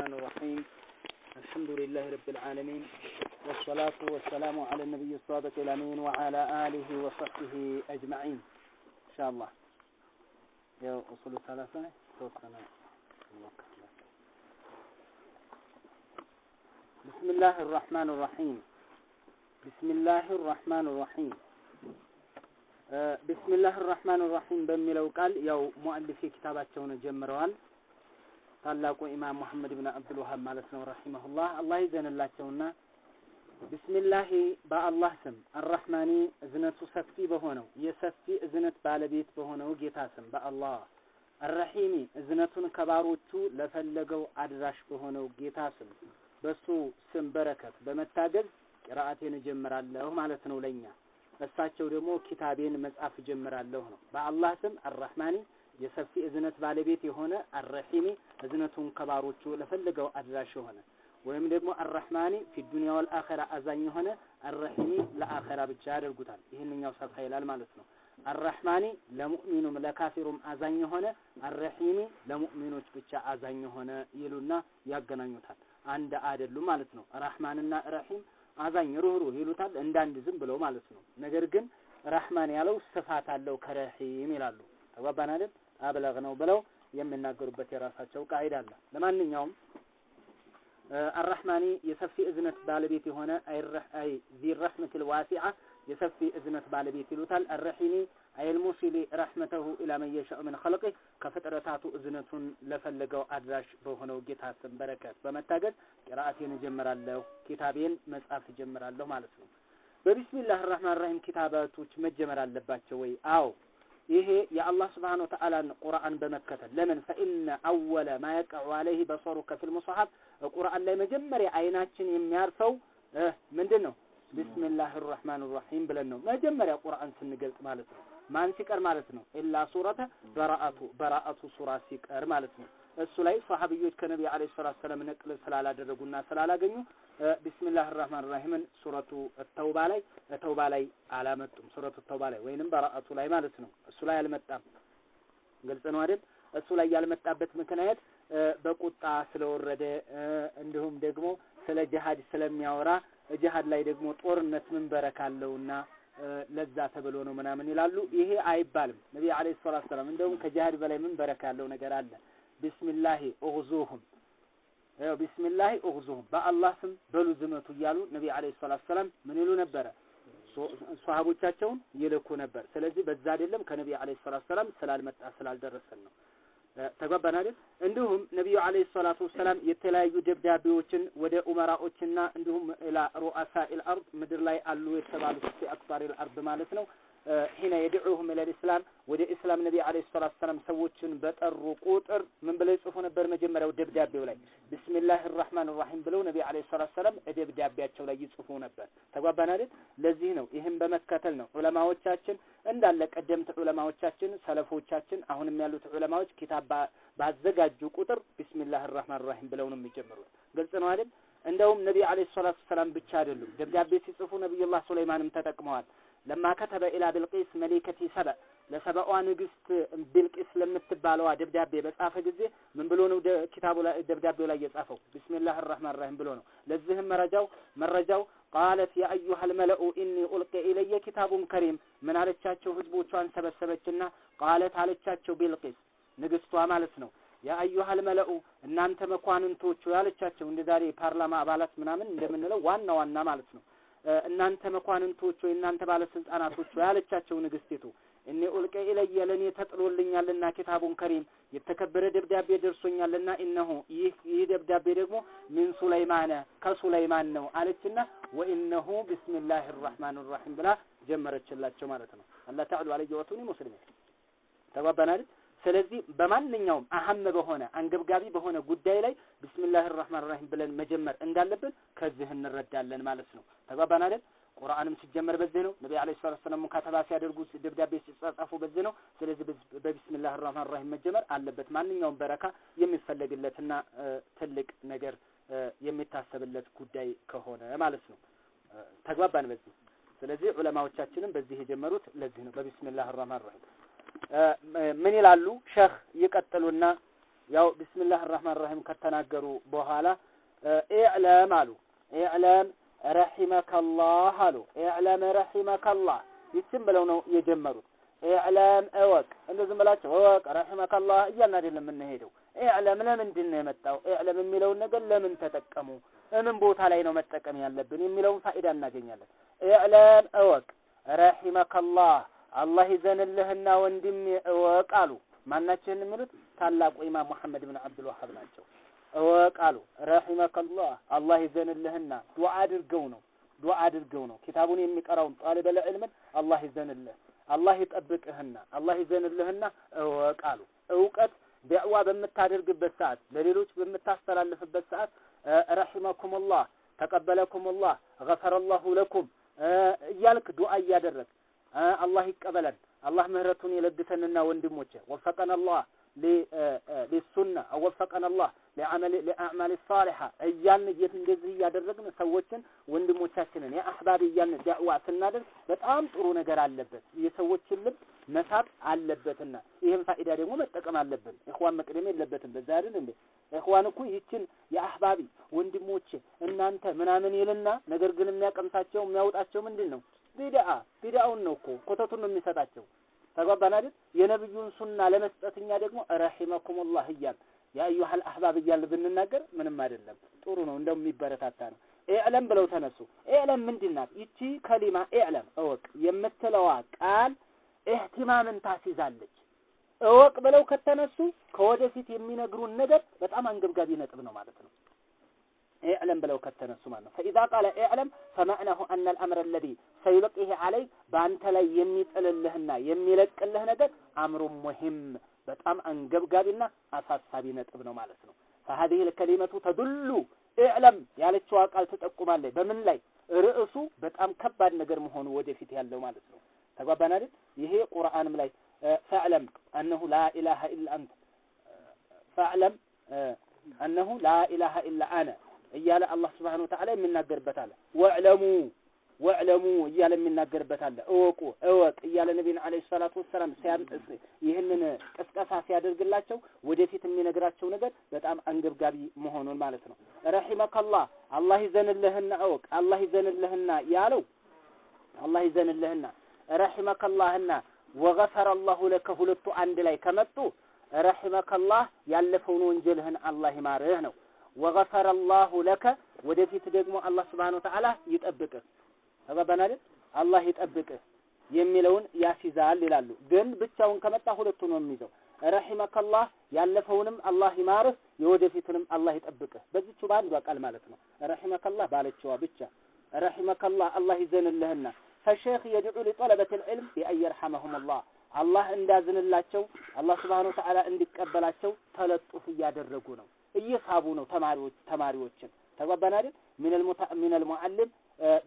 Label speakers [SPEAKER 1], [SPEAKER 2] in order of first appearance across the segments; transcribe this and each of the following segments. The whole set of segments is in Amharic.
[SPEAKER 1] الرحمن الرحيم الحمد لله رب العالمين والصلاة والسلام على النبي الصادق الأمين وعلى آله وصحبه أجمعين إن شاء الله يا أصول ثلاثة طيب، بسم الله الرحمن الرحيم بسم الله الرحمن الرحيم آه، بسم الله الرحمن الرحيم قال ቃል مؤلف كتابات ኪታባቸውን ጀምረዋል ታላቁ ኢማም ሙሐመድ ብን አብዱልውሃብ ማለት ነው ረሂመሁላህ አላህ ይዘንላቸውና ቢስሚላሂ በአላህ ስም አራህማኒ እዝነቱ ሰፊ በሆነው የሰፊ እዝነት ባለቤት በሆነው ጌታ ስም በአላህ አራሂሚ እዝነቱን ከባሮቹ ለፈለገው አድራሽ በሆነው ጌታ ስም በሱ ስም በረከት በመታገዝ ቅራአቴን እጀምራለሁ ማለት ነው ለኛ እሳቸው ደግሞ ኪታቤን መጽሐፍ እጀምራለሁ ነው በአላህ ስም አራህማኒ የሰፊ እዝነት ባለቤት የሆነ አረሒሚ እዝነቱን ከባሮቹ ለፈለገው አድራሽ የሆነ ወይም ደግሞ አራህማኒ ፊ ዱንያ ወልአኸራ አዛኝ የሆነ አረሒሚ ለአኸራ ብቻ ያደርጉታል። ይህንኛው ሰፋ ይላል ማለት ነው። አራህማኒ ለሙእሚኑም ለካፊሩም አዛኝ የሆነ አረሒሚ ለሙእሚኖች ብቻ አዛኝ የሆነ ይሉና ያገናኙታል። አንድ አይደሉም ማለት ነው። ራህማንና ረሒም አዛኝ ሩህሩህ ይሉታል እንደ አንድ ዝም ብለው ማለት ነው። ነገር ግን ራህማን ያለው ስፋት አለው ከረሒም ይላሉ። ተግባባን አይደል? አብለግ ነው ብለው የሚናገሩበት የራሳቸው ቃይዳ አለ። ለማንኛውም አራህማኒ የሰፊ እዝነት ባለቤት የሆነ አይ ዚረሕመቲል ዋሲዓ የሰፊ እዝነት ባለቤት ይሉታል። አረሒሚ አይልሙሲሊ ረሕመተሁ ኢላ መን ምን ኸልቅህ ከፍጥረታቱ እዝነቱን ለፈለገው አድራሽ በሆነው ጌታ ስም በረከት በመታገዝ ቅራአቴን እጀምራለሁ፣ ኪታቤን መጻፍ እጀምራለሁ ማለት ነው። በቢስሚላህ ራህማን ራሂም ኪታባቶች መጀመር አለባቸው ወይ? አዎ ይሄ የአላህ ስብሓን ወተዓላን ቁርአን በመከተል ለምን ፈኢነ አወለ ማ የቀዑ አለይህ በሰሩ ከፊል ሙስሐፍ ቁርአን ላይ መጀመሪያ አይናችን የሚያርፈው ምንድን ነው? ቢስሚላህ ራህማን ራሒም ብለን ነው መጀመሪያ ቁርአን ስንገልጥ ማለት ነው። ማን ሲቀር ማለት ነው? ኢላ ሱረተ በራአቱ በራአቱ ሱራ ሲቀር ማለት ነው። እሱ ላይ ሰሃብዮች ከነቢ አለይሂ ሰላቱ ሰላም ነቅል ስላላደረጉና ስላላገኙ ቢስሚላህ ራህማን ራሂምን ሱረቱ ተውባ ላይ ተውባ ላይ አላመጡም። ሱረቱ ተውባ ላይ ወይንም በራአቱ ላይ ማለት ነው። እሱ ላይ አልመጣም። ግልጽ ነው አይደል? እሱ ላይ ያልመጣበት ምክንያት በቁጣ ስለወረደ እንዲሁም ደግሞ ስለ ጅሀድ ስለሚያወራ ጅሀድ ላይ ደግሞ ጦርነት ምን አለውና ለዛ ተብሎ ነው ምናምን ይላሉ። ይሄ አይባልም። ነቢ አለይሂ ሰላቱ ሰላም እንደውም ከጅሀድ በላይ ምን ያለው ነገር አለ ቢስሚላሂ እግዙሁም ያው ቢስሚላሂ እግዙሁም በአላህ ስም በሉ ዝመቱ እያሉ ነቢ አለይሂ ሰላቱ ሰላም ምን ይሉ ነበረ? ሶሃቦቻቸውን ይልኩ ነበር። ስለዚህ በዛ አይደለም ከነቢ አለይሂ ሰላቱ ሰላም ስላልመጣ ስላልደረሰን ነው። ተግባባን አይደል? እንዲሁም ነቢዩ አለይሂ ሰላቱ ወሰላም የተለያዩ ደብዳቤዎችን ወደ ኡመራዎችና እንዲሁም ኢላ ሩአሳኢል አርድ ምድር ላይ አሉ የተባሉት አክባሪ አርድ ማለት ነው ሂነ የድዑሁም ኢለል ኢስላም ወደ ኢስላም ነቢ አለይሂ ሰላቱ ሰላም ሰዎችን በጠሩ ቁጥር ምን ብለው ይጽፉ ነበር? መጀመሪያው ደብዳቤው ላይ ቢስሚላህ ራህማን ራሂም ብለው ነቢ አለይሂ ሰላቱ ሰላም ደብዳቤያቸው ላይ ይጽፉ ነበር። ተጓባን አይደል? ለዚህ ነው ይህም በመከተል ነው ዑለማዎቻችን እንዳለ ቀደምት ዑለማዎቻችን ሰለፎቻችን፣ አሁንም ያሉት ዑለማዎች ኪታብ ባዘጋጁ ቁጥር ቢስሚላህ ራህማን ራሂም ብለው ነው የሚጀምሩት። ግልጽ ነው አይደል? እንደውም ነቢ አለይሂ ሰላቱ ሰላም ብቻ አይደሉም፣ ደብዳቤ ሲጽፉ ነብዩላህ ሱለይማንም ተጠቅመዋል። ለማ ከተበ ኢላ ብልቂስ መሊከቲ ሰበ ለሰበዋ ንግስት ብልቂስ ለምትባለዋ ደብዳቤ በጻፈ ጊዜ ምን ብሎ ነው ኪታቡ ደብዳቤው ላይ የጻፈው? ቢስሚላህ አራህማን ራሂም ብሎ ነው። ለዚህም መረጃው መረጃው ቃለት ያ አዩሃል ኢኒ ኡልቀ ኢለየ ኪታቡን ከሪም ምን አለቻቸው? ህዝቦቿን ሰበሰበችና ቃለት አለቻቸው ቢልቂስ ንግስቷ ማለት ነው። ያ አዩሃል እናንተ መኳንንቶቹ ያለቻቸው እንደ ዛሬ ፓርላማ አባላት ምናምን እንደምንለው ዋና ዋና ማለት ነው። እናንተ መኳንንቶች ወይ እናንተ ባለስልጣናቶች ወይ አለቻቸው ንግስቲቱ እኔ ኡልቀ ኢለየ ለእኔ ተጥሎልኛልና ኪታቡን ከሪም የተከበረ ደብዳቤ ደርሶኛልና እነሆ ይህ ይህ ደብዳቤ ደግሞ ምን ሱለይማነ ከሱለይማን ነው አለችና ወኢነሁ ቢስሚላህ ራህማን ራሒም ብላ ጀመረችላቸው ማለት ነው አላ ተዕሉ አለየ ወቱኒ ሙስሊሜ ተግባባን ስለዚህ በማንኛውም አህመ በሆነ አንገብጋቢ በሆነ ጉዳይ ላይ ቢስሚላህ ራህማን ራሂም ብለን መጀመር እንዳለብን ከዚህ እንረዳለን ማለት ነው። ተግባባን አይደል? ቁርአንም ሲጀመር በዚህ ነው። ነቢ ዓለይሂ ሰላቱ ወሰለም ሙካተባ ሲያደርጉ ደብዳቤ ሲጻጻፉ በዚህ ነው። ስለዚህ በቢስሚላህ ራህማን ራሂም መጀመር አለበት። ማንኛውም በረካ የሚፈለግለትና ትልቅ ነገር የሚታሰብለት ጉዳይ ከሆነ ማለት ነው። ተግባባን በዚህ። ስለዚህ ዑለማዎቻችንም በዚህ የጀመሩት ለዚህ ነው፣ በቢስሚላህ ራህማን ራሂም ምን ይላሉ ሸህ ይቀጥሉና ያው ቢስሚላህ አራህማን ራሂም ከተናገሩ በኋላ ኢዕለም አሉ ኢዕለም ረሒመከላህ አሉ ኢዕለም ረሒመከላህ ይችን ብለው ነው የጀመሩት ኢዕለም እወቅ እንደዚህ ብላቸው እወቅ ረሒመከላህ እያልን አይደለም የምንሄደው ኢዕለም ለምንድን ነው የመጣው ኢዕለም የሚለውን ነገር ለምን ተጠቀሙ እምን ቦታ ላይ ነው መጠቀም ያለብን የሚለውን ፋይዳ እናገኛለን ኢዕለም እወቅ ረሒመከላህ አላህ ይዘንልህና ወንድም እወቅ አሉ። ማናቸውን የሚሉት ታላቁ ኢማም መሐመድ ብን አብዱልዋሃብ ናቸው። እወቅ አሉ። ረሒመከላህ አላህ ይዘንልህና ዱዓ አድርገው ነው ዱዓ አድርገው ነው ኪታቡን የሚቀራውን ጣሊበል ዕልምን አላህ ይዘንልህ፣ አላህ ይጠብቅህና፣ አላህ ይዘንልህና እወቅ አሉ። እውቀት ቢዕዋ በምታደርግበት ሰዓት፣ ለሌሎች በምታስተላልፍበት ሰዓት ረሒመኩሙላህ ተቀበለኩሙላህ ገፈረላሁ ለኩም እያልክ ዱዓ እያደረግ አላህ ይቀበለን። አላህ ምህረቱን የለግሰንና ወንድሞች ወፈቀን አላህ ሊሱና ወፈቀን አላህ ለአዕማል ሳሊሓ እያልን እንደዚህ እያደረግን ሰዎችን ወንድሞቻችንን የአሕባብ እያልን ዳዕዋ ስናደርግ በጣም ጥሩ ነገር አለበት። የሰዎችን ልብ መሳብ አለበትና ይህን ፋኢዳ ደግሞ መጠቀም አለብን። ኢኽዋን መቅደም የለበትም። በዛ አይደል እንዴ? ኢኽዋን እኮ ይችን የአሕባቢ ወንድሞች እናንተ ምናምን ይልና ነገር ግን የሚያቀምሳቸው የሚያወጣቸው ምንድን ነው? ቢድአ ቢድአውን ነው እኮ ኮተቱን ነው የሚሰጣቸው። ተግባባን አይደል? የነብዩን ሱና ለመስጠት እኛ ደግሞ ረሂመኩሙላህ እያል ያ አህባብ እያል ብንናገር ምንም አይደለም፣ ጥሩ ነው፣ እንደውም የሚበረታታ ነው። ኤዕለም ብለው ተነሱ። ኤዕለም ምንድን ናት? ይቺ ከሊማ ኤዕለም እወቅ የምትለዋ ቃል ኢህቲማምን ታስይዛለች። እወቅ ብለው ከተነሱ ከወደፊት የሚነግሩን ነገር በጣም አንገብጋቢ ነጥብ ነው ማለት ነው። ኤዕለም ብለው ከተነሱ ማለት ነው። ፈኢዛ ቃለ ኤዕለም ፈመዕናሁ አነ ልአምረ ለዚ ሰዩልቂህ አለይ በአንተ ላይ የሚጥልልህና የሚለቅልህ ነገር አምሩ ሙሂም በጣም አንገብጋቢና አሳሳቢ ነጥብ ነው ማለት ነው። ፈሀዚህ ልከሊመቱ ተዱሉ ኤዕለም ያለችዋ ቃል ትጠቁማለች በምን ላይ ርዕሱ በጣም ከባድ ነገር መሆኑ ወደፊት ያለው ማለት ነው። ተግባባን አይደል? ይሄ ቁርአንም ላይ ፈዕለም አነሁ ላኢላሃ ኢላ አንተ ፈዕለም አነሁ ላኢላሃ ኢላ አነ እያለ አላህ ስብሓነሁ ወተዓላ የሚናገርበት አለ። ወዕለሙ ወዕለሙ እያለ የሚናገርበት አለ። እወቁ እወቅ እያለ ነቢን ዓለይሂ ሰላቱ ወሰላም ይህንን ቅስቀሳ ሲያደርግላቸው ወደፊት የሚነግራቸው ነገር በጣም አንገብጋቢ መሆኑን ማለት ነው። ረሒመከላህ አላህ ይዘንልህና እወቅ አላህ ይዘንልህና ያለው አላህ ይዘንልህና ረሒመከላህና ወገፈረ ለከ ሁለቱ አንድ ላይ ከመጡ ረሒመከላህ ያለፈውን ወንጀልህን አላህ ይማርህ ነው። ወገፈረ አላሁ ለከ ወደፊት ደግሞ አላህ ስብሓነ ወተዓላ ይጠብቅህ ተባባናል አላህ ይጠብቅህ የሚለውን ያስይዛል ይላሉ። ግን ብቻውን ከመጣ ሁለቱ ነው የሚይዘው። ረሒመከላህ ያለፈውንም አላህ ይማርህ፣ የወደፊቱንም አላህ ይጠብቅህ። በዚቹ በአንዷ ቃል ማለት ነው። ረሒመከላህ ባለችዋ ብቻ ረሒመከላህ አላህ ይዘንልህና ፈሼክ የድዑ ሊጠለበት ልዕልም የአን የርሐመሁም አላህ እንዳዝንላቸው አላህ ስብሓነ ወተዓላ እንዲቀበላቸው ተለጡፍ እያደረጉ ነው። እየሳቡ ነው ተማሪዎች ተማሪዎችን ተግባባን አይደል? ሚነል ሚነል ሙዓልም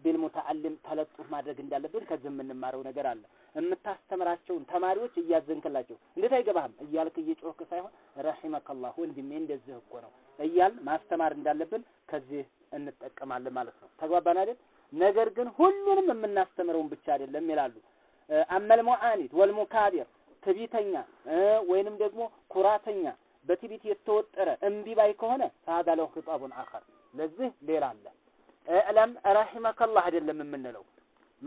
[SPEAKER 1] ቢልሙተአልም ተለጡፍ ማድረግ እንዳለብን ከዚህ የምንማረው ነገር አለ። የምታስተምራቸውን ተማሪዎች እያዘንክላቸው እንዴት አይገባህም እያልክ እየጮክ ሳይሆን ረሒመከላህ ወንድሜ እንደዚህ እኮ ነው እያል ማስተማር እንዳለብን ከዚህ እንጠቀማለን ማለት ነው። ተግባባን አይደል? ነገር ግን ሁሉንም የምናስተምረውን ብቻ አይደለም ይላሉ። አመል ሙዓኒት ወልሙካቢር ትቢተኛ ወይንም ደግሞ ኩራተኛ በትዕቢት የተወጠረ እምቢ ባይ ከሆነ ፈሀዳ ለሁ ኺጣቡን አኸር ለዚህ ሌላ አለ። እዕለም ረሒመከላህ አይደለም የምንለው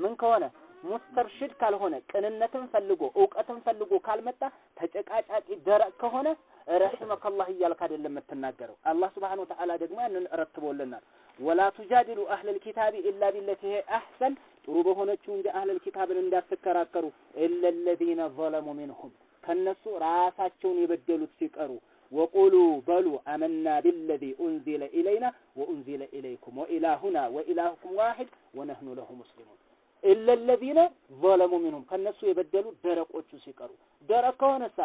[SPEAKER 1] ምን ከሆነ ሙስተርሽድ ካልሆነ ቅንነትን ፈልጎ እውቀትን ፈልጎ ካልመጣ ተጨቃጫቂ ደረቅ ከሆነ ረሒመከላህ እያልክ አይደለም የምትናገረው። አላህ ስብሓነ ወተዓላ ደግሞ ያንን ረትቦልናል። ወላ ቱጃዲሉ አህለል ኪታቢ ኢላ ቢለቲ ሂየ አሕሰን ጥሩ በሆነችው እንጂ አህለል ኪታብን እንዳትከራከሩ ኢለ ለዚነ ዘለሙ ሚንሁም ከነሱ ራሳቸውን የበደሉት ሲቀሩ ወቁሉ በሉ አመና ቢለዚ ኡንዚለ ኢለይና ወኡንዚለ ኢለይኩም ወኢላሁና ወኢላሁኩም ዋሂድ ወነህኑ ለሁ ሙስሊሙን ኢለለዚነ ዘለሙ ሚንሁም ከነሱ የበደሉ ደረቆቹ ሲቀሩ ደረቅ ከሆነሳ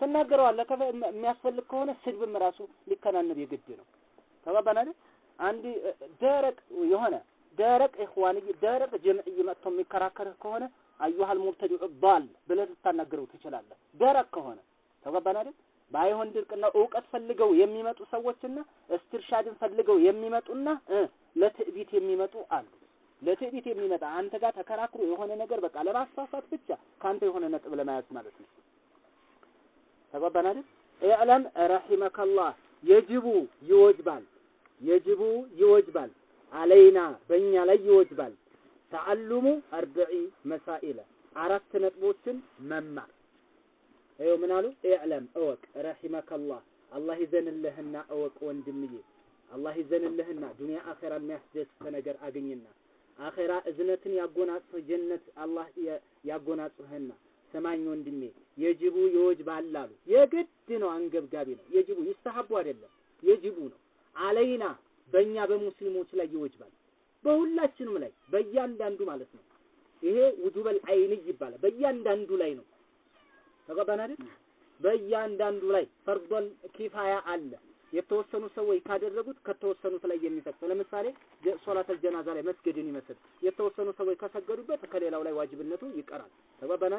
[SPEAKER 1] ትናገረዋለህ። የሚያስፈልግ ከሆነ ስድብም ራሱ ሊከናንብ የግድ ነው። ተባባን አንድ ደረቅ የሆነ ደረቅ ኢኽዋንይ ደረቅ ጀምዕይ መጥቶ የሚከራከርህ ከሆነ አዩሃል ሙብተዲዑ ዳል ብለህ ልታናገረው ትችላለህ። ደረቅ ከሆነ ተገባን አይደል? ባይሆን ድርቅና እውቀት ፈልገው የሚመጡ ሰዎችና እስትርሻድን ፈልገው የሚመጡና ለትዕቢት የሚመጡ አሉ። ለትዕቢት የሚመጣ አንተ ጋር ተከራክሮ የሆነ ነገር በቃ ለማስፋፋት ብቻ ከአንተ የሆነ ነጥብ ለመያዝ ማለት ነው። ተገባን አይደል? ኢዕለም ረሒመከላህ የጅቡ ይወጅባል፣ የጅቡ ይወጅባል፣ አለይና በእኛ ላይ ይወጅባል ተአሉሙ አርብዒ መሳኢለ አራት ነጥቦችን መማር ይኸው ምን አሉ ኢዕለም እወቅ ረሒመከላህ አላህ ይዘንልህና እወቅ ወንድምዬ አላህ ይዘንልህና ዱንያ አኼራ የሚያስደስተ ነገር አግኝና አኼራ እዝነትን ያጎናጽህ ጀነት አላህ ያጎናጽህና ሰማኝ ወንድሜ የጅቡ የወጅብ አላሉ የግድ ነው አንገብጋቢ ነው የጅቡ ይስተሐቡ አይደለም የጅቡ ነው አለይና በእኛ በሙስሊሞች ላይ ይወጅባል በሁላችንም ላይ በእያንዳንዱ ማለት ነው። ይሄ ውጁበል አይን ይባላል። በእያንዳንዱ ላይ ነው። ተቀባና አይደል? በእያንዳንዱ ላይ ፈርዶል ኪፋያ አለ። የተወሰኑ ሰዎች ካደረጉት ከተወሰኑት ላይ የሚፈጽ ለምሳሌ ሶላተ ጀናዛ ላይ መስገድን ይመስል የተወሰኑ ሰዎች ከሰገዱበት ከሌላው ላይ ዋጅብነቱ ይቀራል። ተቀባና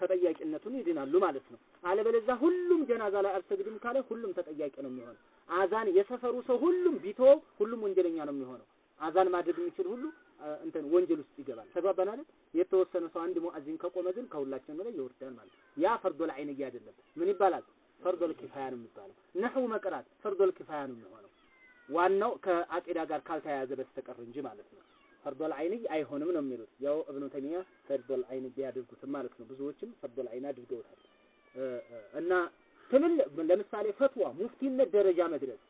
[SPEAKER 1] ተጠያቂነቱን ይድናሉ ማለት ነው። አለበለዚያ ሁሉም ጀናዛ ላይ አልሰግድም ካለ ሁሉም ተጠያቂ ነው የሚሆነው። አዛን የሰፈሩ ሰው ሁሉም ቢቶ ሁሉም ወንጀለኛ ነው የሚሆነው። አዛን ማድረግ የሚችል ሁሉ እንትን ወንጀል ውስጥ ይገባል። ተግባባን አይደል? የተወሰነ ሰው አንድ ሙአዚን ከቆመ ግን ከሁላችንም ላይ ይወርዳል ማለት ያ ፈርዶል አይን አይደለም። ምን ይባላል? ፈርዶል ኪፋያ ነው የሚባለው። ነህው መቅራት ፈርዶል ኪፋያ ነው የሚሆነው ዋናው ከአቂዳ ጋር ካልተያያዘ በስተቀር እንጂ ማለት ነው። ፈርዶል ዐይንይ አይሆንም ነው የሚሉት ያው እብኑ ተሚያ ፈርዶል ዐይን ቢያደርጉትም ማለት ነው። ብዙዎችም ፈርዶል ዐይን አድርገውታል እና ትልል ለምሳሌ ፈትዋ ሙፍቲነት ደረጃ መድረስ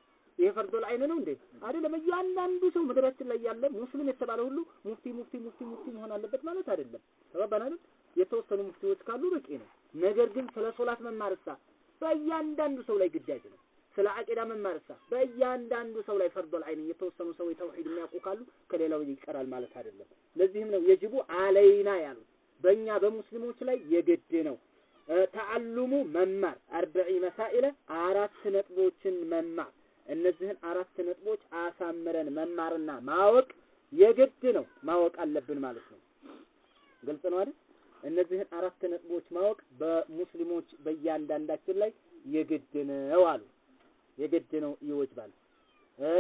[SPEAKER 1] ይሄ ፈርዶል አይን ነው እንዴ? አይደለም። እያንዳንዱ ሰው ምድራችን ላይ ያለ ሙስሊም የተባለ ሁሉ ሙፍቲ ሙፍቲ ሙፍቲ ሙፍቲ መሆን አለበት ማለት አይደለም። ተባባና የተወሰኑ ሙፍቲዎች ካሉ በቂ ነው። ነገር ግን ስለ ሶላት መማርሳ በእያንዳንዱ ሰው ላይ ግዳጅ ነው። ስለ አቂዳ መማርሳ በእያንዳንዱ ሰው ላይ ፈርዶል አይን የተወሰኑ ሰው የተውሂድ የሚያውቁ ካሉ ከሌላው ይቀራል ማለት አይደለም። ለዚህም ነው የጅቡ አለይና ያሉት በእኛ በሙስሊሞች ላይ የግድ ነው። ተአልሙ መማር አርበዒ መሳኢለ አራት ነጥቦችን መማር እነዚህን አራት ነጥቦች አሳምረን መማርና ማወቅ የግድ ነው። ማወቅ አለብን ማለት ነው። ግልጽ ነው አይደል? እነዚህን አራት ነጥቦች ማወቅ በሙስሊሞች በእያንዳንዳችን ላይ የግድ ነው አሉ። የግድ ነው ይወጅባል።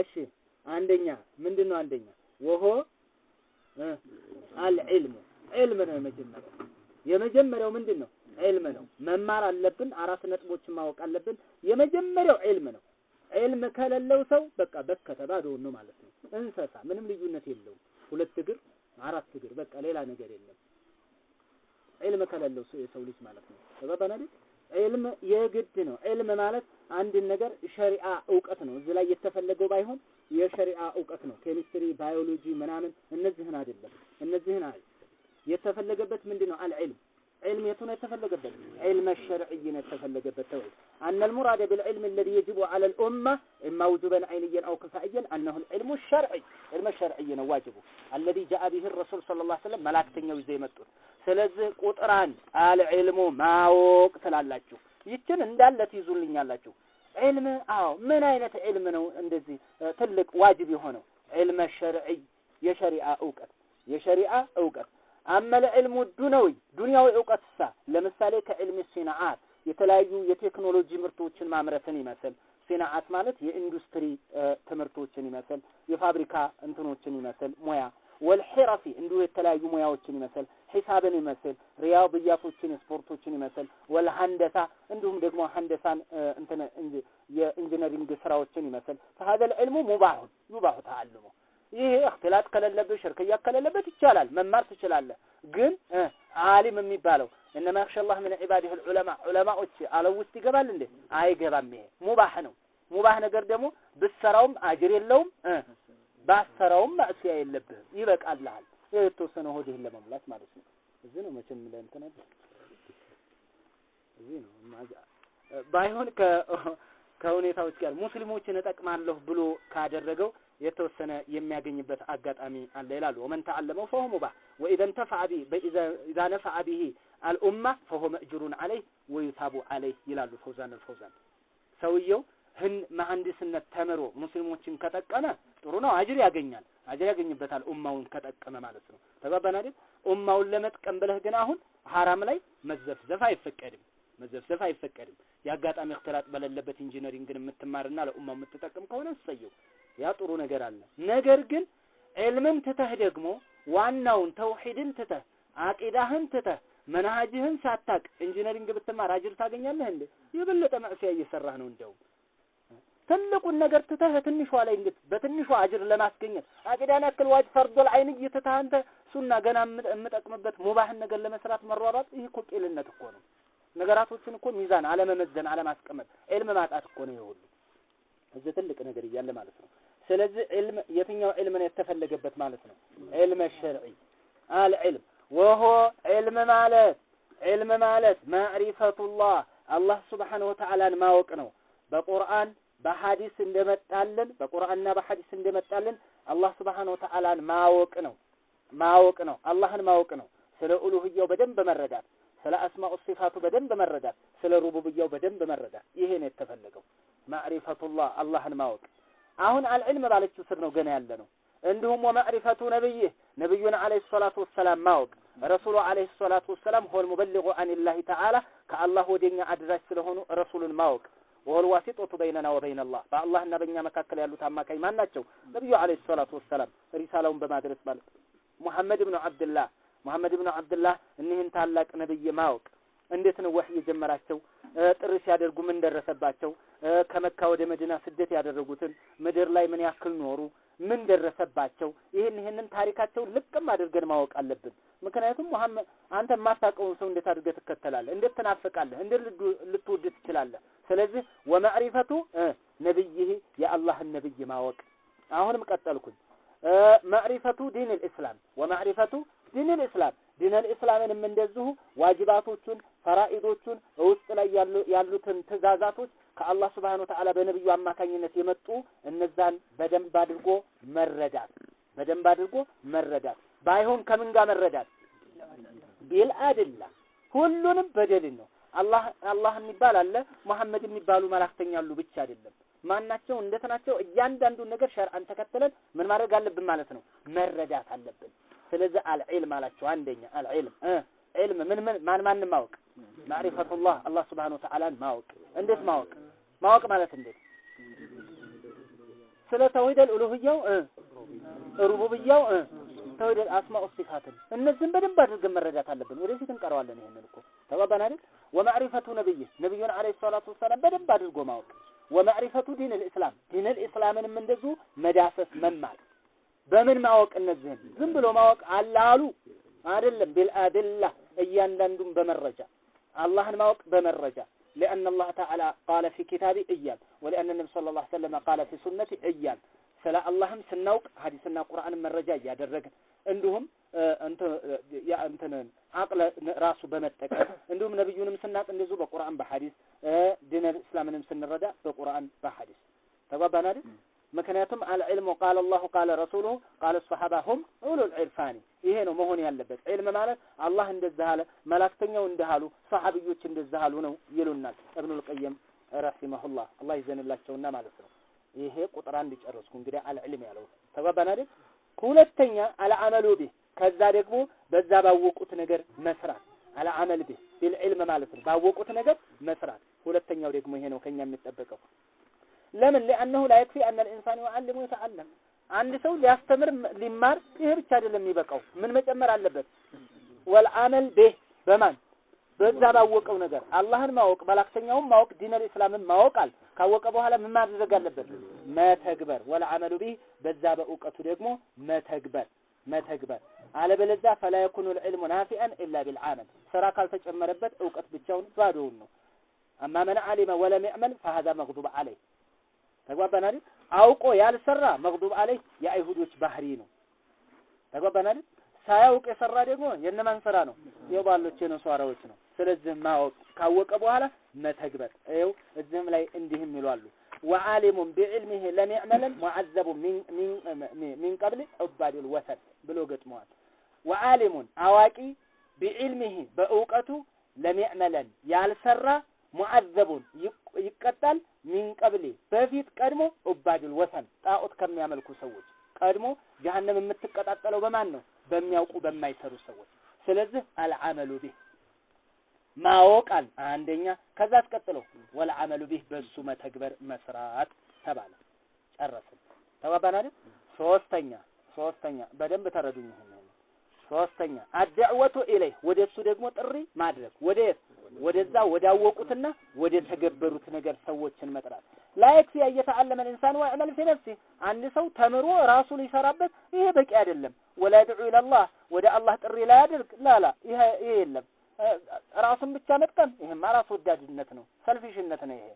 [SPEAKER 1] እሺ አንደኛ ምንድን ነው? አንደኛ ወሆ አልዕልሙ ዕልም ነው። የመጀመሪያው የመጀመሪያው ምንድን ነው? ዕልም ነው። መማር አለብን። አራት ነጥቦችን ማወቅ አለብን። የመጀመሪያው ዕልም ነው። ዕልም ከሌለው ሰው በቃ በከተ ባዶውን ነው ማለት ነው። እንስሳ ምንም ልዩነት የለውም። ሁለት እግር፣ አራት እግር በቃ ሌላ ነገር የለም። ዕልም ከሌለው የሰው ልጅ ማለት ነው። ተገባባን አይደል? የግድ ነው። ዕልም ማለት አንድን ነገር ሸሪዓ እውቀት ነው። እዚህ ላይ የተፈለገው ባይሆን የሸሪአ እውቀት ነው። ኬሚስትሪ፣ ባዮሎጂ ምናምን እነዚህን አይደለም። እነዚህን አይ የተፈለገበት ምንድን ነው? አልዕልም علم يتونه يتفلقبت علم الشرعي يتفلقبت توحيد أن المراد بالعلم الذي يجب على الأمة إما وجوبا عينيا أو كفائيا أنه العلم الشرعي علم الشرعي واجبه الذي جاء به الرسول صلى الله عليه وسلم ملاكتين يوزي متون سلزه قطران العلم ما وقت ላላችሁ ይችን እንዳለ ትይዙልኛላችሁ علم አዎ ምን አይነት علم ነው እንደዚህ ትልቅ ዋጅብ የሆነው علم الشرعي የሸሪዓ እውቀት የሸሪዓ እውቀት አመለ ዕልሙ ዱነዊ ዱንያዊ እውቀትሳ ለምሳሌ ከዕልም ሲናዓት የተለያዩ የቴክኖሎጂ ምርቶችን ማምረትን ይመስል ሲናዓት ማለት የኢንዱስትሪ ትምህርቶችን ይመስል የፋብሪካ እንትኖችን ይመስል ሙያ ወልሒረፊ እንዲሁ የተለያዩ ሙያዎችን ይመስል ሒሳብን ይመስል ሪያድያቶችን ስፖርቶችን ይመስል ወልሀንደሳ እንዲሁም ደግሞ ሀንደሳን የኢንጂነሪንግ ስራዎችን ይመስል ፈሀዘ ልዕልሙ ሙባሁን ዩባሁ ተአልሙ ይህ እክትላጥ ከሌለበት ሽርክያ ከሌለበት ይቻላል፣ መማር ትችላለህ። ግን አሊም የሚባለው እነማ የኽሸላህ ምን ዒባዲህ ልዑለማ ዑለማዎች አለው ውስጥ ይገባል እንዴ? አይገባም። ይሄ ሙባህ ነው። ሙባህ ነገር ደግሞ ብትሰራውም አጅር የለውም፣ ባሰራውም ማዕስያ የለብህም። ይበቃልሃል። የተወሰነ ሆድህን ለመሙላት ማለት ነው። እዚህ ነው መቼም ለእንትን እዚህ ነው ባይሆን ከሁኔታዎች ጋር ሙስሊሞችን እጠቅማለሁ ብሎ ካደረገው የተወሰነ የሚያገኝበት አጋጣሚ አለ ይላሉ። ወመን ተዓለመው ፈሁ ሙባህ ወኢዘ እንተፈዐ ቢሂ በኢዛ ነፈዐ ቢሂ አልኡማ ፈሁ መእጅሩን ዐለይህ ወዩታቡ ዐለይህ ይላሉ ፈውዛን አልፈውዛን። ሰውየው ህን መሐንዲስነት ተምሮ ሙስሊሞችን ከጠቀመ ጥሩ ነው፣ አጅር ያገኛል፣ አጅር ያገኝበታል። ኡማውን ከጠቀመ ማለት ነው። ተግባባን አይደል? ኡማውን ለመጥቀም ብለህ ግን አሁን ሐራም ላይ መዘፍዘፍ አይፈቀድም፣ መዘፍዘፍ አይፈቀድም። የአጋጣሚ እክትላጥ በሌለበት ኢንጂነሪንግን የምትማርና ለኡማው የምትጠቅም ከሆነ እሰየው። ያ ጥሩ ነገር አለ። ነገር ግን ዕልምን ትተህ ደግሞ ዋናውን ተውሂድን ትተህ አቂዳህን ትተህ መናሃጅህን ሳታቅ ኢንጂነሪንግ ብትማር አጅር ታገኛለህ እንዴ? የበለጠ ማዕሲያ እየሰራህ ነው። እንደውም ትልቁን ነገር ትተህ ትንሿ ላይ እንግዲህ በትንሿ አጅር ለማስገኘት አቂዳን ያክል ዋጅ ፈርዶል አይን እየተተህ አንተ ሱና ገና የምጠቅምበት ሙባህን ነገር ለመስራት መሯሯጥ፣ ይህ እኮ ቂልነት እኮ ነው። ነገራቶችን እኮ ሚዛን አለመመዘን፣ አለማስቀመጥ፣ ዕልም ማጣት እኮ ነው። ይሁሉ እዚህ ትልቅ ነገር እያለ ማለት ነው። ስለዚህ ዕልም የትኛው ዕልም ነው የተፈለገበት ማለት ነው? ዕልመ ሸርዒ አልዕልም ወሆ ዕልም ማለት ዕልም ማለት ማዕሪፈቱላህ አላህ ስብሓነሁ ወተዓላን ማወቅ ነው። በቁርአን በሐዲስ እንደመጣልን በቁርአንና በሐዲስ እንደመጣልን አላህ ስብሓነሁ ወተዓላን ማወቅ ነው ማወቅ ነው። አላህን ማወቅ ነው። ስለ ኡሉህያው በደንብ መረዳት፣ ስለ አስማኡ ሲፋቱ በደንብ መረዳት፣ ስለ ሩቡብያው በደንብ መረዳት። ይሄ ነው የተፈለገው ማዕሪፈቱላህ አላህን ማወቅ አሁን አልዕልም ባለችው ስር ነው ገና ያለ ነው። እንዲሁም ወመዕሪፈቱ ነብይህ ነብዩን አለይሂ ሰላቱ ወሰላም ማወቅ ረሱሉ አለይሂ ሰላቱ ወሰላም ሆል ሙበሊጉ አኒላሂ ተዓላ ከአላህ ወደኛ አድራጅ ስለሆኑ ረሱሉን ማወቅ ወል ዋሲጦቱ በይነና ወበይነ አላህ በአላህና በእኛ መካከል ያሉት አማካኝ ማን ናቸው? ነብዩ አለይሂ ሰላቱ ወሰላም ሪሳላውን በማድረስ ማለት ሙሐመድ ብኑ አብድላህ ሙሐመድ ብኑ አብድላህ እኒህን ታላቅ ነብይ ማወቅ እንዴት ነው ወህይ የጀመራቸው ጥሪ ሲያደርጉ ምን ደረሰባቸው ከመካ ወደ መዲና ስደት ያደረጉትን ምድር ላይ ምን ያክል ኖሩ ምን ደረሰባቸው ይህን ይህንን ታሪካቸውን ልቅም አድርገን ማወቅ አለብን ምክንያቱም መሐመድ አንተ የማታውቀውን ሰው እንዴት አድርገህ ትከተላለህ እንዴት ትናፍቃለህ እንዴት ልትወድ ትችላለህ ስለዚህ ወማዕሪፈቱ ነብይህ የአላህን ነብይ ማወቅ አሁንም ቀጠልኩኝ ማዕሪፈቱ ዲን ልእስላም ወማዕሪፈቱ ዲን ልእስላም ዲን ልእስላምንም እንደዚሁ ዋጅባቶቹን ፈራኢዶቹን ውስጥ ላይ ያሉትን ትእዛዛቶች ከአላህ ስብሓን ወተዓላ በነቢዩ አማካኝነት የመጡ እነዛን በደንብ አድርጎ መረዳት በደንብ አድርጎ መረዳት ባይሆን ከምን ጋር መረዳት ቢል አድላ ሁሉንም በደልን ነው። አላህ አላህ የሚባል አለ፣ መሐመድ የሚባሉ መላእክተኛ አሉ ብቻ አይደለም። ማናቸው እንደተናቸው እያንዳንዱን ነገር ሸርአን ተከትለን ምን ማድረግ አለብን ማለት ነው መረዳት አለብን። ስለዚህ አልዕልም አላቸው። አንደኛ አልዕልም እ ምን ምን ማን ማን ማወቅ ማዕሪፈቱላህ አላህ ስብሓን ወተዓላን ማወቅ። እንዴት ማወቅ? ማወቅ ማለት እንዴት ስለ ተውሂድ አልኡሉህያው ሩቡብያው ተውሂድ አስማኡ ሲፋትን እነዚህም በደንብ አድርገን መረዳት አለብን። ወደፊት እንቀረዋለን። ይሄንን እኮ ተባባን አይደል? ወማዕሪፈቱ ነብይ ነብዩን አለይሂ ሰላቱ ወሰላም በደንብ አድርጎ ማወቅ ወማዕሪፈቱ ዲን ልእስላም ዲን ልእስላምንም እንደዚሁ መዳሰስ መማር። በምን ማወቅ? እነዚህን ዝም ብሎ ማወቅ አላሉ አይደለም፣ ቢልአድላ እያንዳንዱን በመረጃ አላህን ማወቅ በመረጃ لأن الله تعالى قال في كتابه إيان ولأن النبي صلى الله عليه وسلم قال في سنته ስለ አላህም ስናውቅ ሀዲስና ቁርአንን መረጃ እያደረግን እንዲሁም እንትን አቅለ ራሱ በመጠቀም እንዲሁም ነብዩንም ስናቅ እንደዚሁ በቁርአን በሐዲስ ድነል እስላምንም ስንረዳ በቁርአን በሐዲስ ተጓባናል። ምክንያቱም አልዕልሙ ቃለ አላሁ ቃለ ረሱሉ ቃለ ሰሓባ ሁም ኡሉል ዒርፋኒ ይሄ ነው መሆን ያለበት። ዒልም ማለት አላህ እንደዛ አለ፣ መላእክተኛው እንዳሉ፣ ሰሓብዮች እንደዛ አሉ ነው ይሉናል እብኑል ቀይም ረሒመሁላህ አላህ ይዘንላቸውና ማለት ነው። ይሄ ቁጥር አንድ ጨረስኩ። እንግዲህ አልዕልም ያለው ተባባን አይደል? ሁለተኛ አልዓመሉ ቢህ፣ ከዛ ደግሞ በዛ ባወቁት ነገር መስራት። አልዓመል ቢህ ቢልዕልም ማለት ነው፣ ባወቁት ነገር መስራት። ሁለተኛው ደግሞ ይሄ ነው ከኛ የሚጠበቀው። ለምን ሊአነሁ ላ አነ ልኢንሳን ዩዓልሙ የተአለም አንድ ሰው ሊያስተምር ሊማር ይህ ብቻ አይደለም የሚበቃው። ምን መጨመር አለበት? ወልአመል ቤህ በማን በዛ ባወቀው ነገር አላህን ማወቅ መላእክተኛውን ማወቅ ዲነል ኢስላምን ማወቅ አለ። ካወቀ በኋላ ምን ማድረግ አለበት? መተግበር። ወልአመሉ ቢህ በዛ በእውቀቱ ደግሞ መተግበር መተግበር። አለበለዚያ ፈላ የኩኑ ልዕልሙ ናፊአን ኢላ ቢልዓመል። ስራ ካልተጨመረበት እውቀት ብቻውን ባዶውን ነው። አማ መን ዓሊመ ወለም ያዕመል ፈሀዛ መግዱብ ዓለይህ ተግባባን አይደል? አውቆ ያልሰራ መግዱብ አለይ የአይሁዶች ባህሪ ነው። ተግባባን አይደል? ሳያውቅ የሰራ ደግሞ የነማን ስራ ነው? የባሎች የነሷራዎች ነው። ስለዚህ ማወቅ ካወቀ በኋላ መተግበር። ይኸው እዚህም ላይ እንዲህም ይሏሉ ወዓሊሙን ቢዕልሚህ ለም ያዕመለን ሙዓዘቡ ሚን ቀብል ዑባዲል ወተን ብሎ ገጥመዋል። ወዓሊሙን አዋቂ ቢዕልሚህ በእውቀቱ ለም ያዕመለን ያልሰራ ሙዓዘቡን ይቀጣል። ሚንቀብሌ በፊት ቀድሞ ኡባድል ወሰን ጣዖት ከሚያመልኩ ሰዎች ቀድሞ ጀሀነም የምትቀጣጠለው በማን ነው? በሚያውቁ በማይሰሩ ሰዎች። ስለዚህ አልዓመሉ ቢህ ማወቅ አለ አንደኛ። ከዛ አስቀጥሎ ወልዓመሉ ቢህ በሱ መተግበር መስራት ተባለ። ጨረስን። ተባባናል። ሶስተኛ ሶስተኛ በደንብ ተረዱኝ ይሁን ሶስተኛ አዳዕወቱ ኢለይ ወደ እሱ ደግሞ ጥሪ ማድረግ ወደ ወደዛ ወዳወቁትና ወደ ተገበሩት ነገር ሰዎችን መጥራት ላይክ የተዓለመ الانسان ويعمل في نفسه አንድ ሰው ተምሮ ራሱ ሊሰራበት ይሄ በቂ አይደለም ወላ يدعو الى الله ወደ አላህ ጥሪ ላያደርግ ላላ ይሄ የለም ራሱን ብቻ መጥቀም ይሄማ ራስ ወዳድነት ነው ሰልፊሽነት ነው ይሄ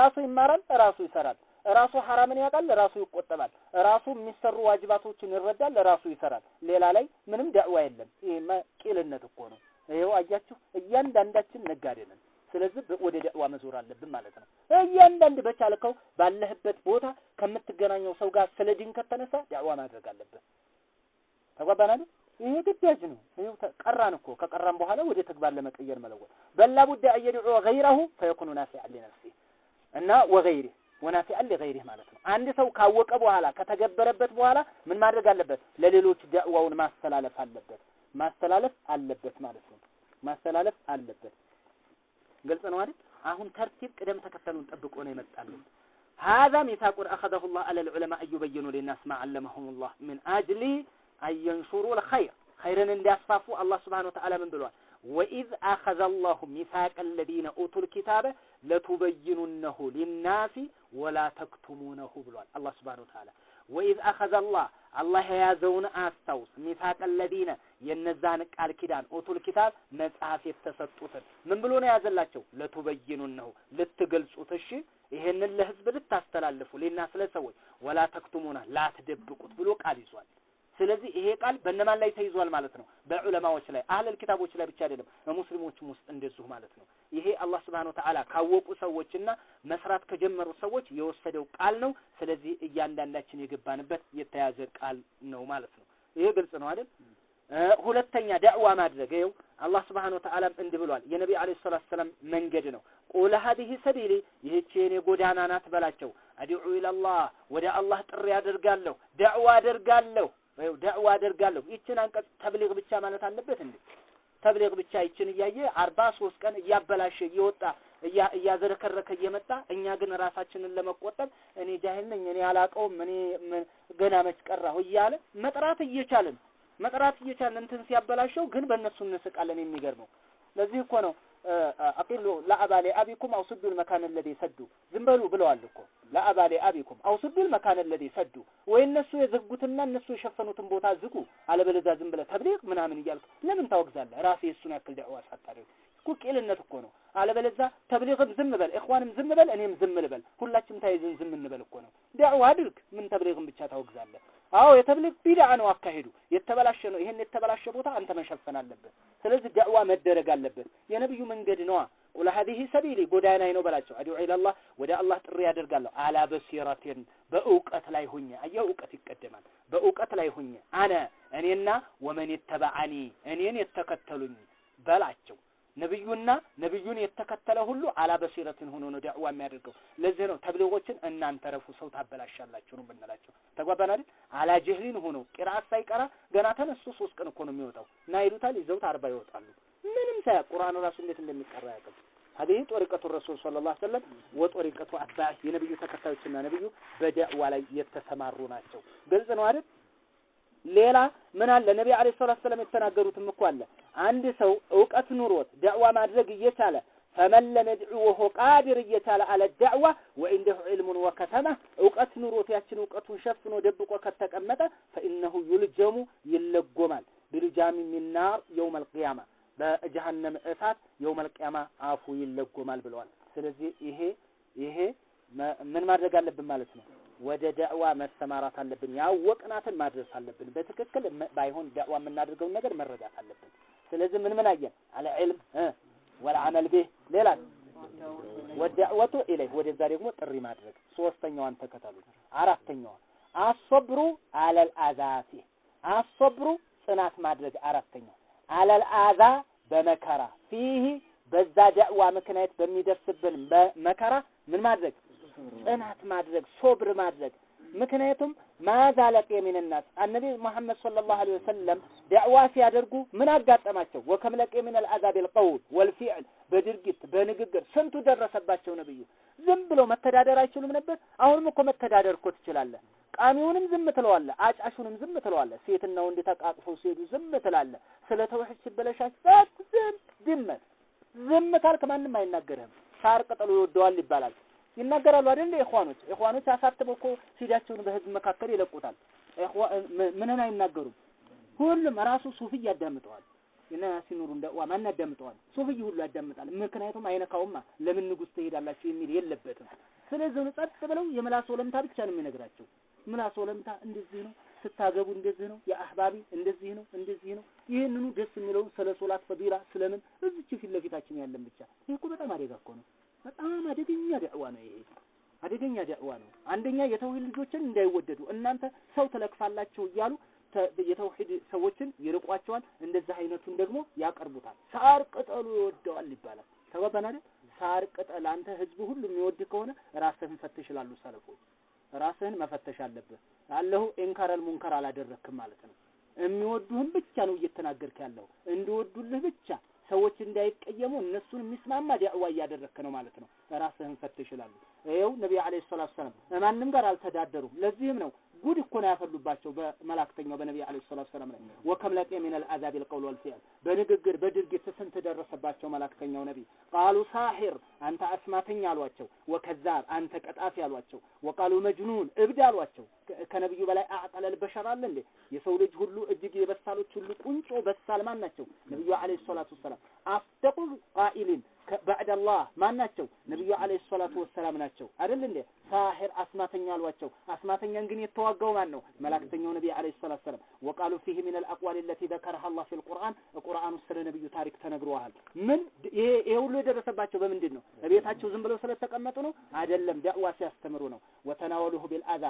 [SPEAKER 1] ራሱ ይማራል ራሱ ይሰራል ራሱ ሐራምን ያውቃል፣ ራሱ ይቆጠባል፣ ራሱ የሚሰሩ ዋጅባቶችን ይረዳል፣ ራሱ ይሰራል። ሌላ ላይ ምንም ዳዕዋ የለም። ይሄማ ቂልነት እኮ ነው። ይሄው አያችሁ፣ እያንዳንዳችን ነጋዴ ነን። ስለዚህ ወደ ዳዕዋ መዞር አለብን ማለት ነው። እያንዳንድ በቻልከው ባለህበት ቦታ ከምትገናኘው ሰው ጋር ስለ ዲን ከተነሳ ዳዕዋ ማድረግ አለብን። ተጓባናል። ይሄ ግዳጅ ነው። ይሄው ቀራን እኮ ከቀራን በኋላ ወደ ተግባር ለመቀየር መለወጥ በላ ቡዳ አየድዑ ገይረሁ ፈየኩኑ ናፊዐ ሊነፍሲ እና ወገይሪህ ወናፊዐን ሊገይሪህ ማለት ነው። አንድ ሰው ካወቀ በኋላ ከተገበረበት በኋላ ምን ማድረግ አለበት? ለሌሎች ዳዕዋውን ማስተላለፍ አለበት። ማስተላለፍ አለበት ማለት ነው። ማስተላለፍ አለበት። ግልጽ ነው አይደል? አሁን ተርቲብ ቅደም ተከተሉን ጠብቆ ነው የመጣልን። هذا ميثاق أخذه الله على العلماء أن يبينوا للناس ما علمهم الله من أجل أن ينشروا እንዲያስፋፉ አላህ ስብሐነ ወተዓላ ምን ብሏል? ወኢዝ أخذ الله ميثاق الذين أوتوا الكتاب ለቱበይኑነሁ ሊናሲ ወላ ተክቱሙነሁ ብሏል አላህ ስብሓነሁ ወተዓላ። ወኢዝ አኸዘ አላህ አላህ የያዘውን አስታውስ፣ ሚሳቅ ለዚነ የእነዛን ቃል ኪዳን ኦቱል ኪታብ መጽሐፍ የተሰጡትን ምን ብሎ ነው የያዘላቸው? ለቱበይኑነሁ ልትገልጹት፣ እሺ ይሄንን ለህዝብ ልታስተላልፉ፣ ሊናስ ለሰዎች ወላ ተክቱሙና ላትደብቁት ብሎ ቃል ይዟል። ስለዚህ ይሄ ቃል በእነማን ላይ ተይዟል ማለት ነው? በዑለማዎች ላይ አህለል ኪታቦች ላይ ብቻ አይደለም፣ በሙስሊሞችም ውስጥ እንደዚሁ ማለት ነው። ይሄ አላህ ስብሐነ ወተዓላ ካወቁ ሰዎችና መስራት ከጀመሩ ሰዎች የወሰደው ቃል ነው። ስለዚህ እያንዳንዳችን የገባንበት የተያዘ ቃል ነው ማለት ነው። ይሄ ግልጽ ነው አይደል? ሁለተኛ ዳዕዋ ማድረግ ይኸው አላህ ስብሐነ ወተዓላም እንዲህ ብሏል። የነቢ ዓለይሂ ሰላቱ ወሰላም መንገድ ነው። ቁል ሀዲህ ሰቢሊ ይህች የኔ ጎዳና ናት በላቸው። አድዑ ኢለላህ ወደ አላህ ጥሪ አደርጋለሁ፣ ዳዕዋ አደርጋለሁ ወይ ደዕዋ አደርጋለሁ። ይችን አንቀጽ ተብሊግ ብቻ ማለት አለበት እንዴ? ተብሊግ ብቻ ይችን እያየ አርባ ሶስት ቀን እያበላሸ እየወጣ እያዘረከረከ እየመጣ እኛ ግን ራሳችንን ለመቆጠብ እኔ ጃሂል ነኝ፣ እኔ አላቀውም እኔ ገና መች ቀራሁ እያለ መጥራት እየቻለን መጥራት እየቻለን እንትን ሲያበላሸው ግን በእነሱ እንስቃለን። የሚገርመው ለዚህ እኮ ነው አቂሉ ለአባሌ አቢኩም አው ስዱል መካን ለዚ ሰዱ ዝም በሉ ብለዋል እኮ ለአባሌ አቢኩም አው ስዱል መካን ሰዱ ወይ እነሱ የዘጉትና እነሱ የሸፈኑትን ቦታ ዝጉ፣ አለበለዚያ ዝም ብለህ ተብሊቅ ምናምን እያልክ ለምን ታወግዛለህ? ራሴ የእሱን ያክል ደዕዋ ሳታደርግ ቁቅልነት እኮ ነው። አለበለዚያ ተብሊግም ዝም በል፣ እኽዋንም ዝም በል፣ እኔም ዝም ልበል፣ ሁላችንም ታይዘን ዝም እንበል እኮ ነው። ደዕዋ አድርግ፣ ምን ተብሊግም ብቻ ታወግዛለህ? አዎ የተብሊግ ቢድዓ ነው አካሄዱ፣ የተበላሸ ነው። ይሄን የተበላሸ ቦታ አንተ መሸፈን አለበት። ስለዚህ ደዕዋ መደረግ አለበት። የነብዩ መንገድ ነዋ። ቁል ሀዚህ ሰቢሊ ጎዳናይ ነው በላቸው። አዲዑ ኢለላህ ወደ አላህ ጥሪ ያደርጋለሁ። አላ በሲረትን በእውቀት ላይ ሁኜ አየህ፣ እውቀት ይቀደማል። በእውቀት ላይ ሁኜ አነ እኔና ወመን የተበዐኒ እኔን የተከተሉኝ በላቸው ነብዩና ነብዩን የተከተለ ሁሉ አላበሲረትን ሆኖ ነው ዳዕዋ የሚያደርገው። ለዚህ ነው ተብሊጎችን እናንተ ረፉ ሰው ታበላሻላችሁ ነው የምንላቸው። ተጓባን አይደል? አላጀህሊን ሆኖ ቂራአት ሳይቀራ ገና ተነስቶ ሶስት ቀን እኮ ነው የሚወጣው እና ይሉታል ይዘውት አርባ ይወጣሉ። ምንም ሳያውቅ ቁርአን ራሱ እንዴት እንደሚቀራ ያውቅም። هذه طريقة الرسول صلى الله عليه وسلم وطريقة أتباعه የነብዩ ተከታዮችና ነብዩ በዳዕዋ ላይ የተሰማሩ ናቸው። ግልጽ ነው አይደል? ሌላ ምን አለ? ነቢ አለይሂ ሰላቱ ሰላም የተናገሩትም እኮ አለ አንድ ሰው እውቀት ኑሮት ዳዕዋ ማድረግ እየቻለ ፈመን ለም የድዕወሆ እየቻለ አለ ዳዕዋ ወኢንደሁ ዕልሙን ወከተማ እውቀት ኑሮት ያችን እውቀቱን ሸፍኖ ደብቆ ከተቀመጠ ፈኢነሁ ዩልጀሙ ይለጎማል ቢልጃሚ ሚናር የውም አልቅያማ በጀሃነም እሳት የውም አልቅያማ አፉ ይለጎማል ብለዋል። ስለዚህ ይሄ ይሄ ምን ማድረግ አለብን ማለት ነው? ወደ ዳዕዋ መሰማራት አለብን። ያወቅናትን ማድረስ አለብን። በትክክል ባይሆን ዳዕዋ የምናደርገውን ነገር መረዳት አለብን። ስለዚህ ምን ምን አየን? አለ ዒልም ወልዓመል ቢህ ሌላ ወዳዕወቱ ኢለይህ ወደዛ ደግሞ ጥሪ ማድረግ። ሶስተኛዋን ተከተሉ። አራተኛዋን አሶብሩ አለል አዛ አሶብሩ ጽናት ማድረግ አራተኛው አለል አዛ በመከራ ፊህ በዛ ዳዕዋ ምክንያት በሚደርስብን መከራ ምን ማድረግ ጽናት ማድረግ ሶብር ማድረግ ምክንያቱም ማዛ ለቄ ሚንናስ አነቢ ሙሐመድ ሰለላሁ ዐለይሂ ወሰለም ዳዕዋ ሲያደርጉ ምን አጋጠማቸው? ወከም ለቄ ሚነል አዛ ወልፊዕል፣ በድርጊት በንግግር ስንቱ ደረሰባቸው ነብዩ። ዝም ብለው መተዳደር አይችሉም ነበር? አሁንም እኮ መተዳደር እኮ ትችላለህ። ቃሚውንም ዝም ትለዋለህ፣ አጫሹንም ዝም ትለዋለህ። ሴትና ወንድ ተቃቅፈው ሲሄዱ ዝም ትላለህ። ስለ ተውሂድ ሲበለሻች ዝም ድመት። ዝም ካልክ ማንም አይናገርህም። ሳር ቅጠሉ ይወደዋል ይባላል። ይናገራሉ አይደል? ኢኽዋኖች ኢኽዋኖች አሳትበው እኮ ሲዳቸውን በህዝብ መካከል ይለቁታል። ምንን አይናገሩም። ሁሉም ራሱ ሱፊ ያዳምጠዋል። እና ሲኑሩ እንደዋ ማን ያዳምጠዋል? ሱፊይ ሁሉ ያዳምጣል። ምክንያቱም አይነካውማ። ለምን ንጉስ ትሄዳላችሁ የሚል የለበትም። ስለዚህ ጸጥ ብለው የምላስ ወለምታ ብቻ ነው የሚነግራቸው። ምላስ ወለምታ እንደዚህ ነው ስታገቡ እንደዚህ ነው፣ የአህባቢ እንደዚህ ነው፣ እንደዚህ ነው። ይህንኑ ደስ የሚለውን ስለ ሶላት ፈዲላ ስለምን እዚች ፊት ለፊታችን ያለን ብቻ። ይህ እኮ በጣም አደጋ እኮ ነው። በጣም አደገኛ ዳዕዋ ነው ይሄ አደገኛ ዳዕዋ ነው። አንደኛ የተውሂድ ልጆችን እንዳይወደዱ እናንተ ሰው ትለክፋላችሁ እያሉ የተውሂድ ሰዎችን ይርቋቸዋል። እንደዛ አይነቱን ደግሞ ያቀርቡታል። ሳር ቅጠሉ ይወደዋል ይባላል። ተባባና አይደል? ሳር ቅጠል አንተ ህዝቡ ሁሉ የሚወድ ከሆነ ራስህን ፈትሽ ይላሉ ሰለፎች። ራስህን መፈተሽ አለብህ። አለሁ ኢንካረል ሙንከር አላደረክም ማለት ነው። የሚወዱህን ብቻ ነው እየተናገርክ ያለው እንዲወዱልህ ብቻ ሰዎች እንዳይቀየሙ እነሱን የሚስማማ ዳዕዋ እያደረግክ ነው ማለት ነው። ራስህን ፈትሽ ይላሉ። ይኸው ነቢዩ ዓለይሂ ሰላቱ ሰላም ማንም ጋር አልተዳደሩም። ለዚህም ነው ጉድ እኮ ነው ያፈሉባቸው በመላእክተኛው በነቢዩ ዓለይሂ ሰላቱ ሰላም ላይ ወከም ለቂየ ሚነል አዛቢ ልቀውል ወልፊዕል፣ በንግግር በድርጊት ስንት ደረሰባቸው መላእክተኛው ነቢይ። ቃሉ ሳሒር፣ አንተ አስማተኛ አሏቸው። ወከዛብ፣ አንተ ቀጣፊ አሏቸው። ወቃሉ መጅኑን፣ እብድ አሏቸው። ከነብዩ በላይ አዕቀለል በሸር አለ እንዴ? የሰው ልጅ ሁሉ እጅግ የበሳሎች ሁሉ ቁንጮ በሳል ማን ናቸው? ነብዩ አለይሂ ሰላቱ ወሰላም። አፍተቁ ቃኢሊን ባዕድ አላህ ማን ናቸው? ነብዩ አለይሂ ሰላቱ ወሰላም ናቸው አይደል እንዴ? ሳሂር አስማተኛ አሏቸው። አስማተኛን ግን የተዋጋው ማን ነው? መላእክተኛው ነብዩ አለይሂ ሰላቱ ወሰላም። ወቃሉ ፊሂ ሚን አልአቅዋል ለቲ ዘከረሃ አላህ ፊል ቁርአን ቁርአን ስለ ነብዩ ታሪክ ተነግሯል። ምን ይሄ ይሄ ሁሉ የደረሰባቸው በምንድን ነው? ዝም ብለው ስለተቀመጡ ነው? አይደለም፣ ዳዕዋ ሲያስተምሩ ነው። ወተናወሉሁ ቢልአዛ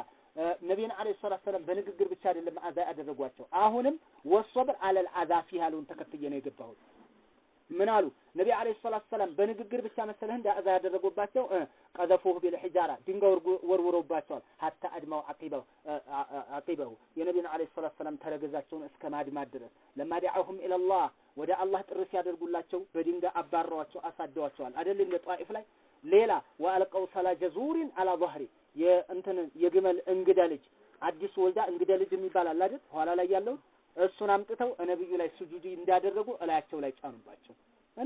[SPEAKER 1] ነቢይን አለይሂ ሰላቱ ሰላም በንግግር ብቻ አይደለም አዛ ያደረጓቸው። አሁንም ወሶብር አለል አዛ ፊህ ያለውን ተከትዬ ነው የገባሁት። ምን አሉ ነቢ አለይሂ ሰላቱ ሰላም በንግግር ብቻ መሰለህ እንደ አዛ ያደረጉባቸው ቀዘፉሁ ቢል ሒጃራ ድንጋይ ወርውረውባቸዋል። ሀታ አድማው አቂበሁ የነቢን አለይሂ ሰላቱ ሰላም ተረገዛቸውን እስከ ማድማት ድረስ ለማዲዐሁም ኢለላህ ወደ አላህ ጥሪ ሲያደርጉላቸው በድንጋይ አባረዋቸው አሳደዋቸዋል። አይደል እንደ ጣኢፍ ላይ ሌላ ወአልቀው ሰላ ጀዙሪን አላ ظهሪ የእንትን የግመል እንግዳ ልጅ አዲስ ወልዳ እንግዳ ልጅ የሚባል አለ አይደል? ኋላ ላይ ያለውን እሱን አምጥተው ነብዩ ላይ ስጁድ እንዳደረጉ እላያቸው ላይ ጫኑባቸው።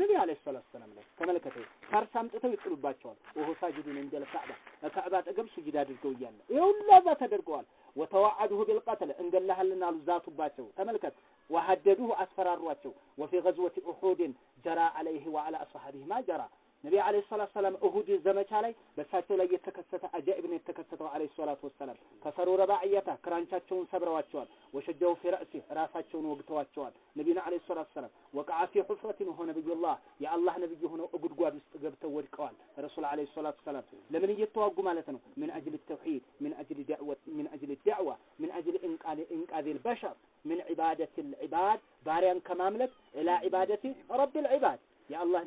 [SPEAKER 1] ነብዩ አለይሂ ሰላቱ ሰላም ላይ ተመልከተው፣ ፋርስ አምጥተው ይጥሉባቸዋል። ወሆሳ ጅዱን እንደለ ካዕባ ከካዕባ አጠገብ ስጁድ አድርገው እያለ ይሁላ ተደርገዋል። ወተዋዓዱሁ ቢልቀትል እንደላህልና አሉ ዛቱባቸው። ተመልከት ወሀደዱሁ አስፈራሯቸው። ወፊ ገዝወቲ ኡሑድን ጀራ አለይሂ ወአላ አስሓቢህ ማ ጀራ النبي عليه الصلاة والسلام أهود الزمج عليه بس هاتوا لي يتكسط أجابني يتكسط عليه الصلاة والسلام كسروا رباعيته شون سبروا أتشوال وشجوا في رأسه راسات شون وقتوا أتشوال نبينا عليه الصلاة والسلام وقع في حفرة وهو نبي الله يا الله نبي هنا أقول قوار قبتوا والقوال رسول عليه الصلاة والسلام لما يتوى قمالتنا من أجل التوحيد من أجل دعوة من أجل الدعوة من أجل إنك إنك هذه البشر من عبادة العباد باريا كمملك إلى عبادة رب العباد የአላህ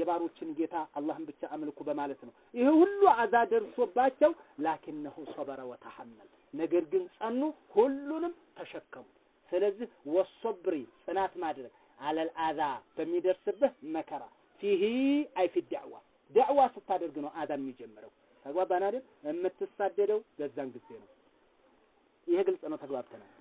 [SPEAKER 1] የባሮችን ጌታ አላህን ብቻ አምልኩ በማለት ነው። ይሄ ሁሉ አዛ ደርሶባቸው ላኪነሁ ሶበረ ወተሐመል፣ ነገር ግን ጸኑ፣ ሁሉንም ተሸከሙ። ስለዚህ ወሶብሪ ጽናት ማድረግ አለል አዛ በሚደርስብህ መከራ ፊሂ አይፊ ዳዕዋ ዳዕዋ ስታደርግ ነው አዛ የሚጀምረው። ተግባባን አይደል? የምትሳደደው በዛን ጊዜ ነው። ይሄ ግልጽ ነው። ተግባብተናል።